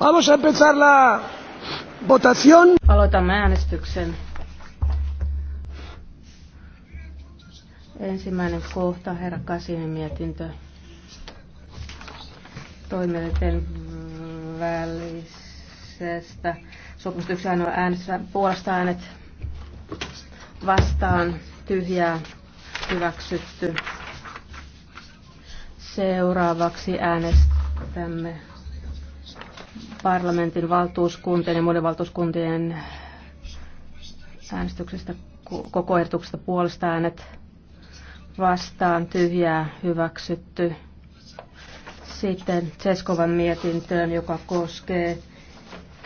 Vamos a empezar la votación. Aloitamme äänestyksen. Ensimmäinen kohta, herra Kasinin mietintö. Toimielinten välisestä sopimusta yksi ainoa äänestä. puolesta äänet vastaan tyhjää hyväksytty. Seuraavaksi äänestämme parlamentin valtuuskuntien ja muiden valtuuskuntien äänestyksestä koko ehdotuksesta puolesta äänet vastaan tyhjää hyväksytty. Sitten Seskovan mietintöön, joka koskee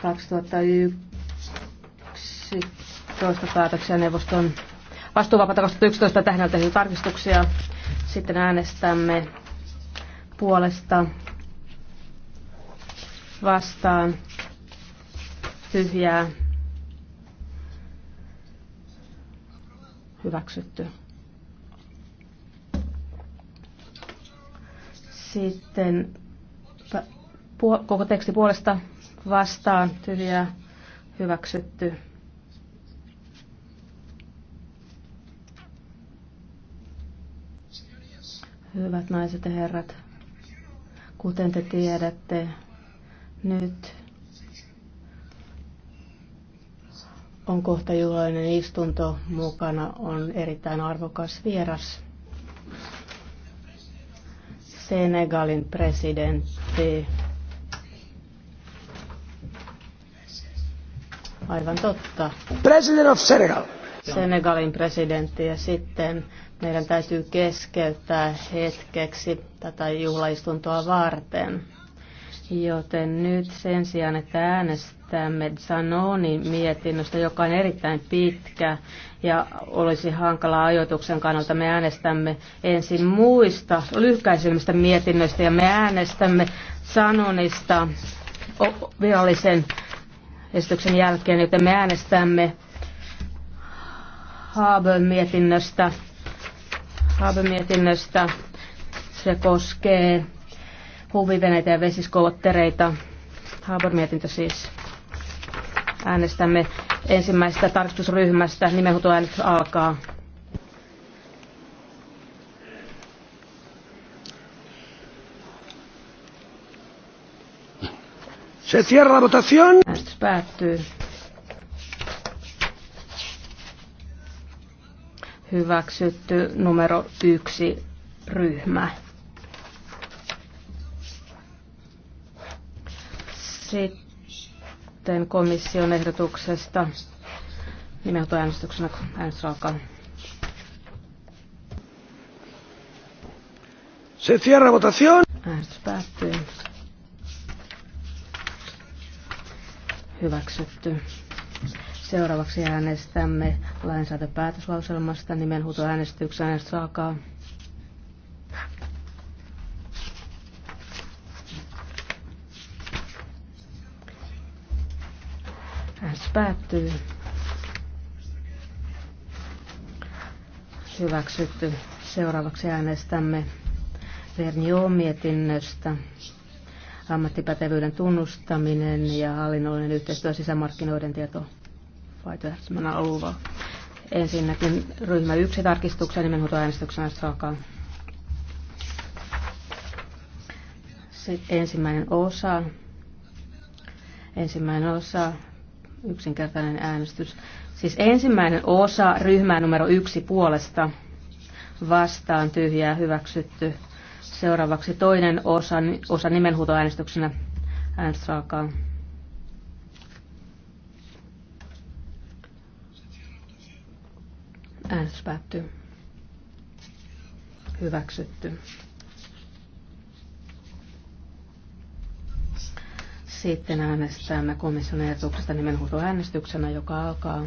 2011 päätöksiä neuvoston vastuuvapaata 2011 tähän tarkistuksia. Sitten äänestämme puolesta vastaan tyhjää hyväksytty. Sitten koko teksti puolesta vastaan tyhjää hyväksytty. Hyvät naiset ja herrat, kuten te tiedätte, nyt on kohta juhlainen istunto. Mukana on erittäin arvokas vieras. Senegalin presidentti. Aivan totta. President of Senegal. Senegalin presidentti ja sitten meidän täytyy keskeyttää hetkeksi tätä juhlaistuntoa varten. Joten nyt sen sijaan, että äänestämme Zanonin mietinnöstä, joka on erittäin pitkä ja olisi hankala ajoituksen kannalta, me äänestämme ensin muista lyhkäisimmistä mietinnöistä ja me äänestämme Zanonista virallisen esityksen jälkeen, joten me äänestämme Haabön mietinnöstä. Haabön mietinnöstä se koskee huviveneitä ja vesiskoottereita. Haabor-mietintö siis. Äänestämme ensimmäisestä tarkistusryhmästä. Nimenhuutoäänestys alkaa. Se cierra votación. Äänestys päättyy. Hyväksytty numero yksi ryhmä. Sitten komission ehdotuksesta kun äänestys alkaa. Se cierra votación. Äänestys päättyy. Hyväksytty. Seuraavaksi äänestämme lainsäädäntöpäätöslauselmasta nimenhuutoäänestyksen äänestys alkaa. Äänestys päättyy. Hyväksytty. Seuraavaksi äänestämme Vernioon mietinnöstä ammattipätevyyden tunnustaminen ja hallinnollinen yhteistyö sisämarkkinoiden tieto alueella. Ensinnäkin ryhmä yksi tarkistuksen nimenhuutoäänestyksenä saakaa. Sitten ensimmäinen osa. Ensimmäinen osa yksinkertainen äänestys. Siis ensimmäinen osa ryhmää numero yksi puolesta vastaan tyhjää hyväksytty. Seuraavaksi toinen osa, osa nimenhuutoäänestyksenä. Äänestys alkaa. Äänestys päättyy. Hyväksytty. Sitten äänestämme komission ehdotuksesta nimenhuutoäänestyksenä, joka alkaa.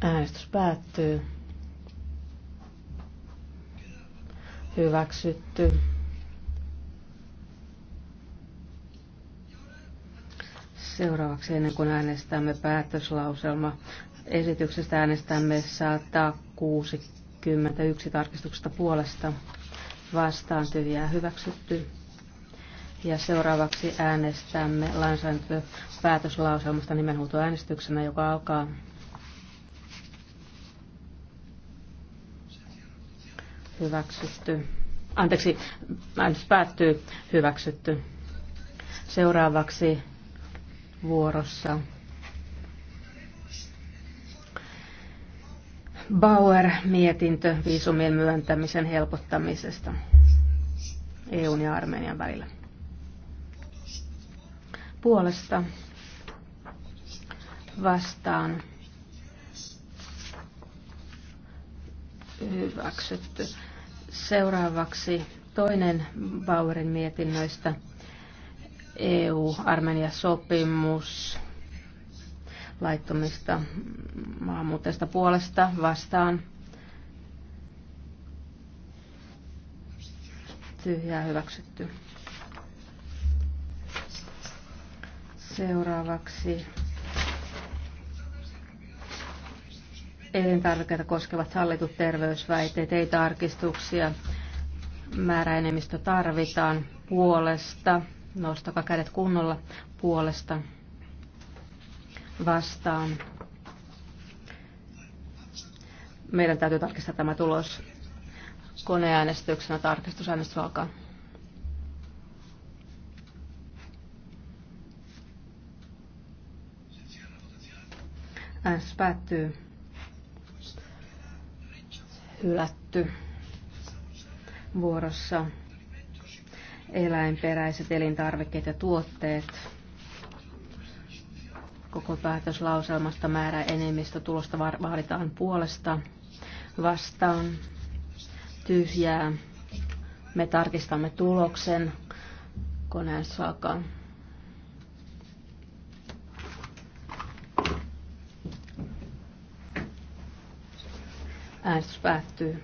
Äänestys päättyy. Hyväksytty. Seuraavaksi ennen kuin äänestämme päätöslauselma esityksestä äänestämme 160 21 tarkistuksesta puolesta vastaan tyhjää hyväksytty. Ja seuraavaksi äänestämme lainsäädäntöpäätöslauselmasta nimenhuutoäänestyksenä, joka alkaa. Hyväksytty. Anteeksi, äänestys päättyy. Hyväksytty. Seuraavaksi vuorossa Bauer-mietintö viisumien myöntämisen helpottamisesta EUn ja Armenian välillä. Puolesta vastaan hyväksytty. Seuraavaksi toinen Bauerin mietinnöistä EU-Armenia-sopimus laittomista maahanmuuttajista puolesta vastaan. Tyhjää hyväksytty. Seuraavaksi elintarvikkeita koskevat hallitut terveysväitteet, ei tarkistuksia. Määräenemmistö tarvitaan puolesta. Nostakaa kädet kunnolla puolesta vastaan. Meidän täytyy tarkistaa tämä tulos koneäänestyksenä. Tarkistusäänestys alkaa. Äänestys päättyy. Hylätty. Vuorossa eläinperäiset elintarvikkeet ja tuotteet. Koko päätöslauselmasta määrä enemmistö tulosta vaaditaan puolesta. Vastaan tyhjää. Me tarkistamme tuloksen koneen saakka. Äänestys päättyy.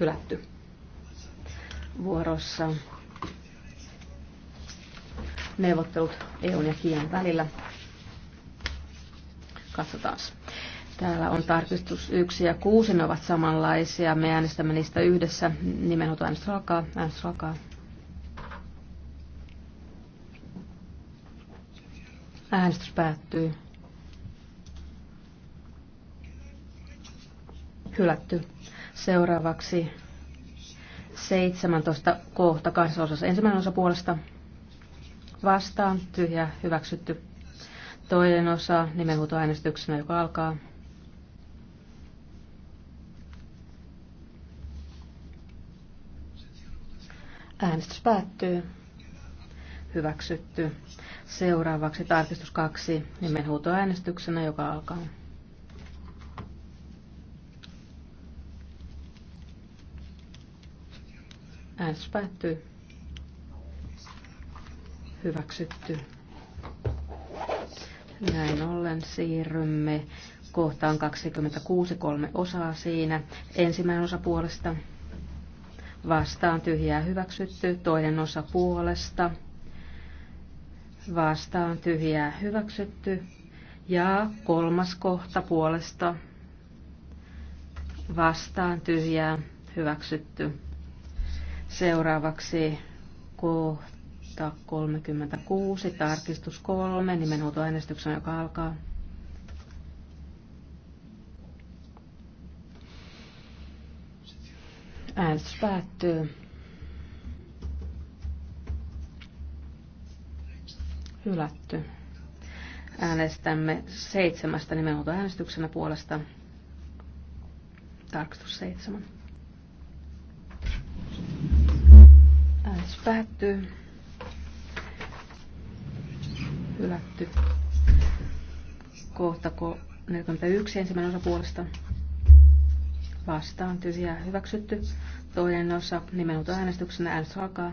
Hylätty. Vuorossa neuvottelut EUn ja Kiinan välillä. Katsotaan. Täällä on tarkistus 1 ja 6, ne ovat samanlaisia. Me äänestämme niistä yhdessä. Nimenhoito äänestys alkaa. Äänestys alkaa. Äänestys päättyy. Hylätty. Seuraavaksi 17 kohta kahdessa osassa. Ensimmäinen osa puolesta vastaan, tyhjä, hyväksytty. Toinen osa nimenhuutoäänestyksenä, joka alkaa. Äänestys päättyy. Hyväksytty. Seuraavaksi tarkistus kaksi nimenhuutoäänestyksenä, joka alkaa. Äänestys päättyy hyväksytty. Näin ollen siirrymme kohtaan 26, kolme osaa siinä. Ensimmäinen osa puolesta vastaan tyhjää hyväksytty, toinen osa puolesta vastaan tyhjää hyväksytty ja kolmas kohta puolesta vastaan tyhjää hyväksytty. Seuraavaksi kohta 236, tarkistus 3, äänestyksen, joka alkaa. Äänestys päättyy. Hylätty. Äänestämme seitsemästä äänestyksenä puolesta. Tarkistus seitsemän. Äänestys päättyy hylätty. Kohta 41, ensimmäinen osa puolesta vastaan, tyhjää hyväksytty. Toinen osa nimenomaan äänestyksenä äänestys alkaa.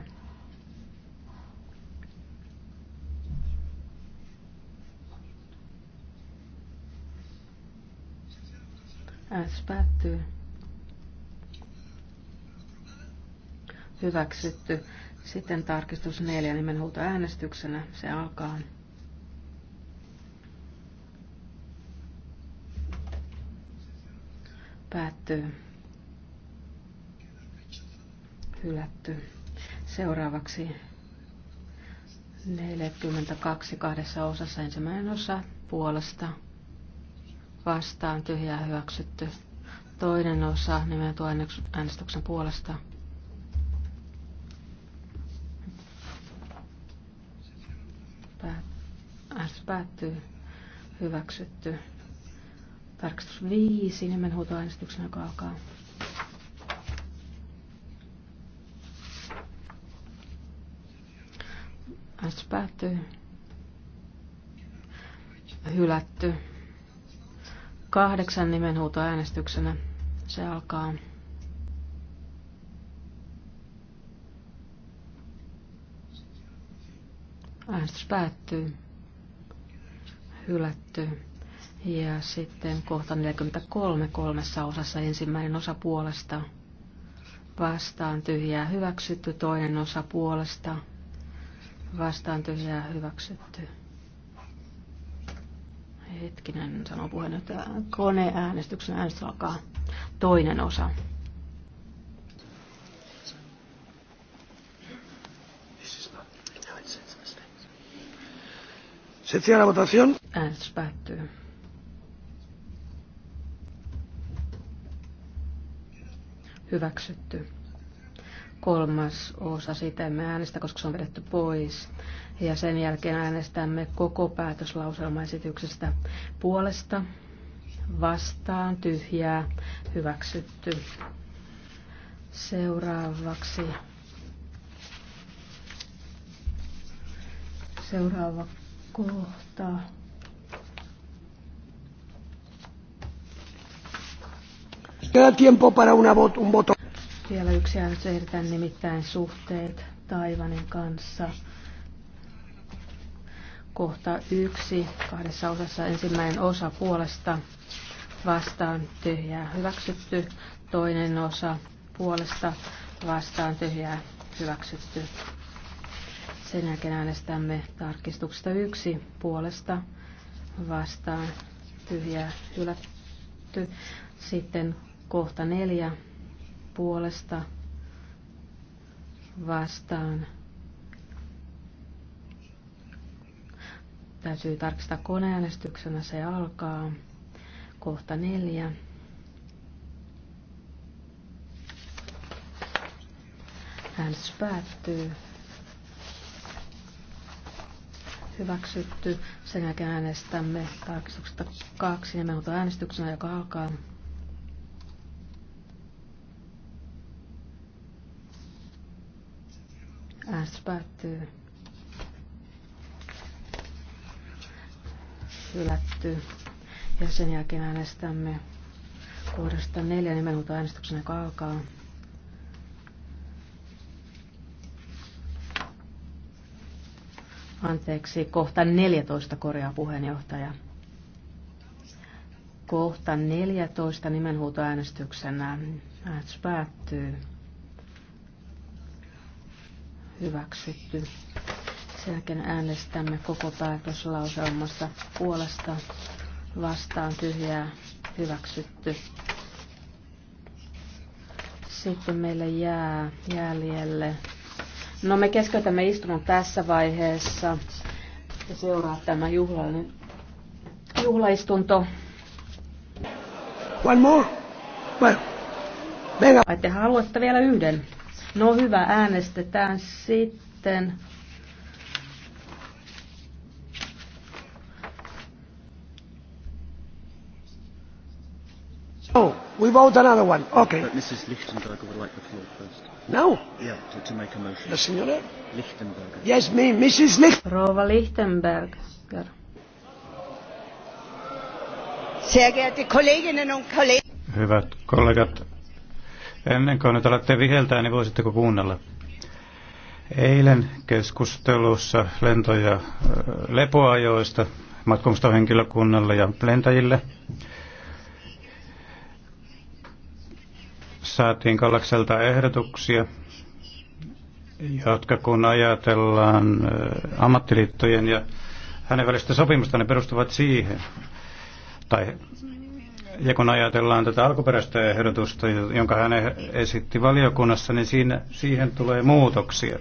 Äänestys päättyy. Hyväksytty. Sitten tarkistus neljä nimenhuuto äänestyksenä. Se alkaa. Päättyy. Hylätty. Seuraavaksi 42 kahdessa osassa ensimmäinen osa puolesta vastaan tyhjää hyväksytty. Toinen osa nimen äänestyksen puolesta äänestys päättyy hyväksytty. Tarkastus 5, huutoäänestyksen, joka alkaa. Äänestys päättyy. Hylätty. Kahdeksan nimenhuutoäänestyksenä. Se alkaa. Äänestys päättyy. Hylätty. Ja sitten kohta 43 kolmessa osassa ensimmäinen osa puolesta vastaan tyhjää hyväksytty, toinen osa puolesta vastaan tyhjää hyväksytty. Hetkinen, sanoo puheenjohtaja. Koneäänestyksen äänestys alkaa toinen osa. Se siellä votación. Äänestys päättyy. hyväksytty. Kolmas osa sitemme äänestä, koska se on vedetty pois. Ja sen jälkeen äänestämme koko päätöslauselmaesityksestä puolesta, vastaan, tyhjää, hyväksytty. Seuraavaksi seuraava kohta. Vielä yksi äänestys nimittäin suhteet Taivanin kanssa. Kohta yksi, kahdessa osassa ensimmäinen osa puolesta vastaan tyhjää hyväksytty, toinen osa puolesta vastaan tyhjää hyväksytty. Sen jälkeen äänestämme tarkistuksesta yksi puolesta vastaan tyhjää hylätty. Sitten Kohta neljä puolesta vastaan. Täytyy tarkistaa koneäänestyksenä, se alkaa. Kohta neljä. Äänestys päättyy. Hyväksytty. Sen jälkeen äänestämme tarkistuksesta kaksi äänestyksenä, joka alkaa. Äänestys päättyy. Hylätty. Ja sen jälkeen äänestämme kohdasta neljä nimenhuuto äänestyksen, joka alkaa. Anteeksi, kohta 14 korjaa puheenjohtaja. Kohta 14 nimenhuutoäänestyksenä äänestys päättyy hyväksytty. Sen jälkeen äänestämme koko päätöslauselmasta puolesta vastaan tyhjää hyväksytty. Sitten meille jää jäljelle. No me keskeytämme istunnon tässä vaiheessa ja seuraa tämä juhlallinen juhlaistunto. One more. Well, Vai te haluatte vielä yhden? No hyvä, äänestetään sitten. Oh, we vote another one. Okay. But Mrs. Lichtenberger would like the floor first. No. Yeah, to, to make a motion. The no, signora? Lichtenberger. Yes, me, Mrs. Lichtenberger. Rova Lichtenberger. Sehr geehrte Kolleginnen und Kollegen. Hyvät kollegat, Ennen kuin nyt alatte viheltää, niin voisitteko kuunnella? Eilen keskustelussa lento- ja lepoajoista matkustohenkilökunnalle ja lentäjille saatiin Kallakselta ehdotuksia, jotka kun ajatellaan ammattiliittojen ja hänen välistä sopimusta, ne perustuvat siihen, tai ja kun ajatellaan tätä alkuperäistä ehdotusta, jonka hän esitti valiokunnassa, niin siinä, siihen tulee muutoksia.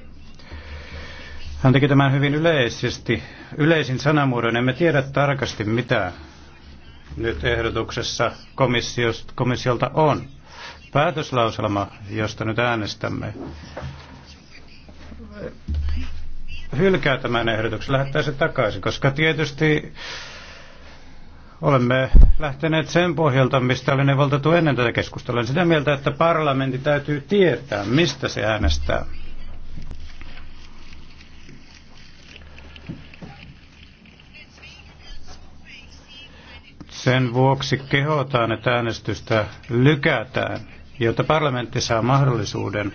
Hän teki tämän hyvin yleisesti, yleisin sanamuodon. Emme tiedä tarkasti, mitä nyt ehdotuksessa komissiolta on. Päätöslauselma, josta nyt äänestämme, hylkää tämän ehdotuksen, lähettää se takaisin, koska tietysti Olemme lähteneet sen pohjalta, mistä oli neuvoteltu ennen tätä keskustelua. Olen sitä mieltä, että parlamentti täytyy tietää, mistä se äänestää. Sen vuoksi kehotaan, että äänestystä lykätään, jotta parlamentti saa mahdollisuuden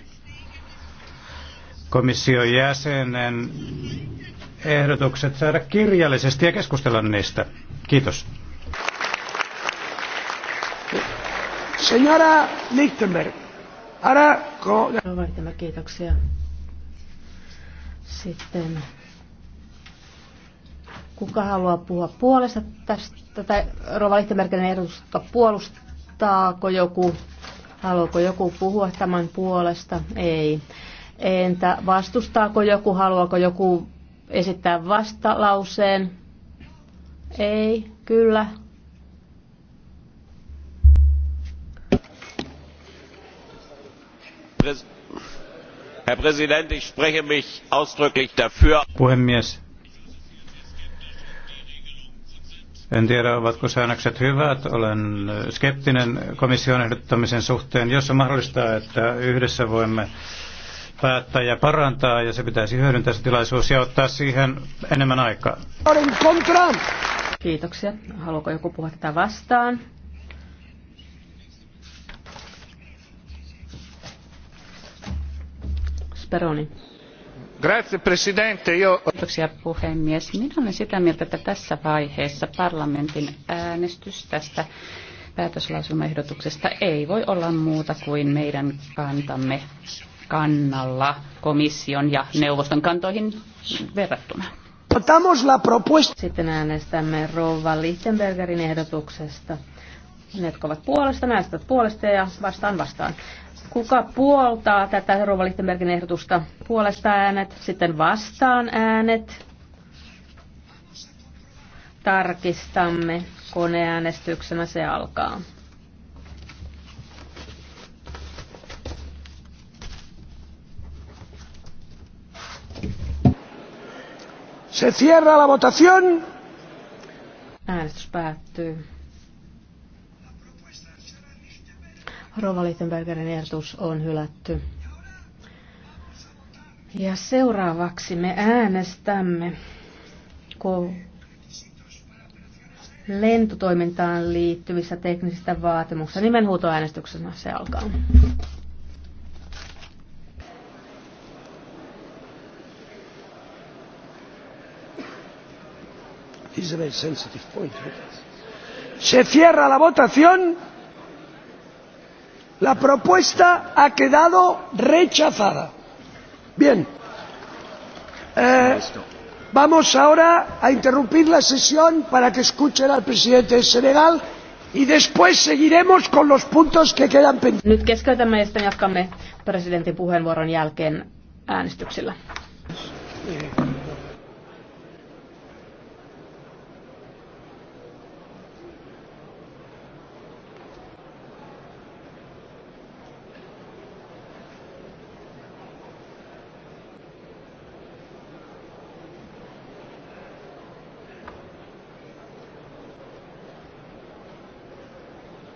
komission jäsenen ehdotukset saada kirjallisesti ja keskustella niistä. Kiitos. Señora Lichtenberg. Ara, ko... Kiitoksia. Sitten kuka haluaa puhua puolesta tästä, tai Rova Lichtenbergin ehdotusta puolustaako joku, haluaako joku puhua tämän puolesta, ei. Entä vastustaako joku, haluaako joku esittää vastalauseen, ei, kyllä, herr präsident ich spreche mich ausdrücklich dafür puhemies en tiedä ovatko säännökset hyvät olen skeptinen komission ehdottamisen suhteen jos on mahdollista että yhdessä voimme päättää ja parantaa ja se pitäisi hyödyntää se tilaisuus ja ottaa siihen enemmän aikaa. Kiitoksia. Haluaako joku puhua tätä vastaan? arvoisa puhemies. Minä olen sitä mieltä, että tässä vaiheessa parlamentin äänestys tästä päätöslauselmaehdotuksesta ei voi olla muuta kuin meidän kantamme kannalla komission ja neuvoston kantoihin verrattuna. Sitten äänestämme Rouva Lichtenbergerin ehdotuksesta. Ne, jotka ovat puolesta, näistä puolesta ja vastaan vastaan. Kuka puoltaa tätä Rova Lichtenbergin ehdotusta? Puolesta äänet, sitten vastaan äänet. Tarkistamme koneäänestyksenä se alkaa. Se cierra la votación. Äänestys päättyy. Rova Lichtenbergerin ehdotus on hylätty. Ja seuraavaksi me äänestämme ko- lentotoimintaan liittyvissä teknisistä vaatimuksissa Nimenhuutoäänestyksessä se alkaa. This is a very sensitive point. Se cierra la votación. La propuesta ha quedado rechazada. Bien. Eh, vamos ahora a interrumpir la sesión para que escuchen al presidente de Senegal y después seguiremos con los puntos que quedan pendientes. Nyt keskeytämme ja sitten jatkamme presidentin puheenvuoron jälkeen äänestyksillä. Yeah.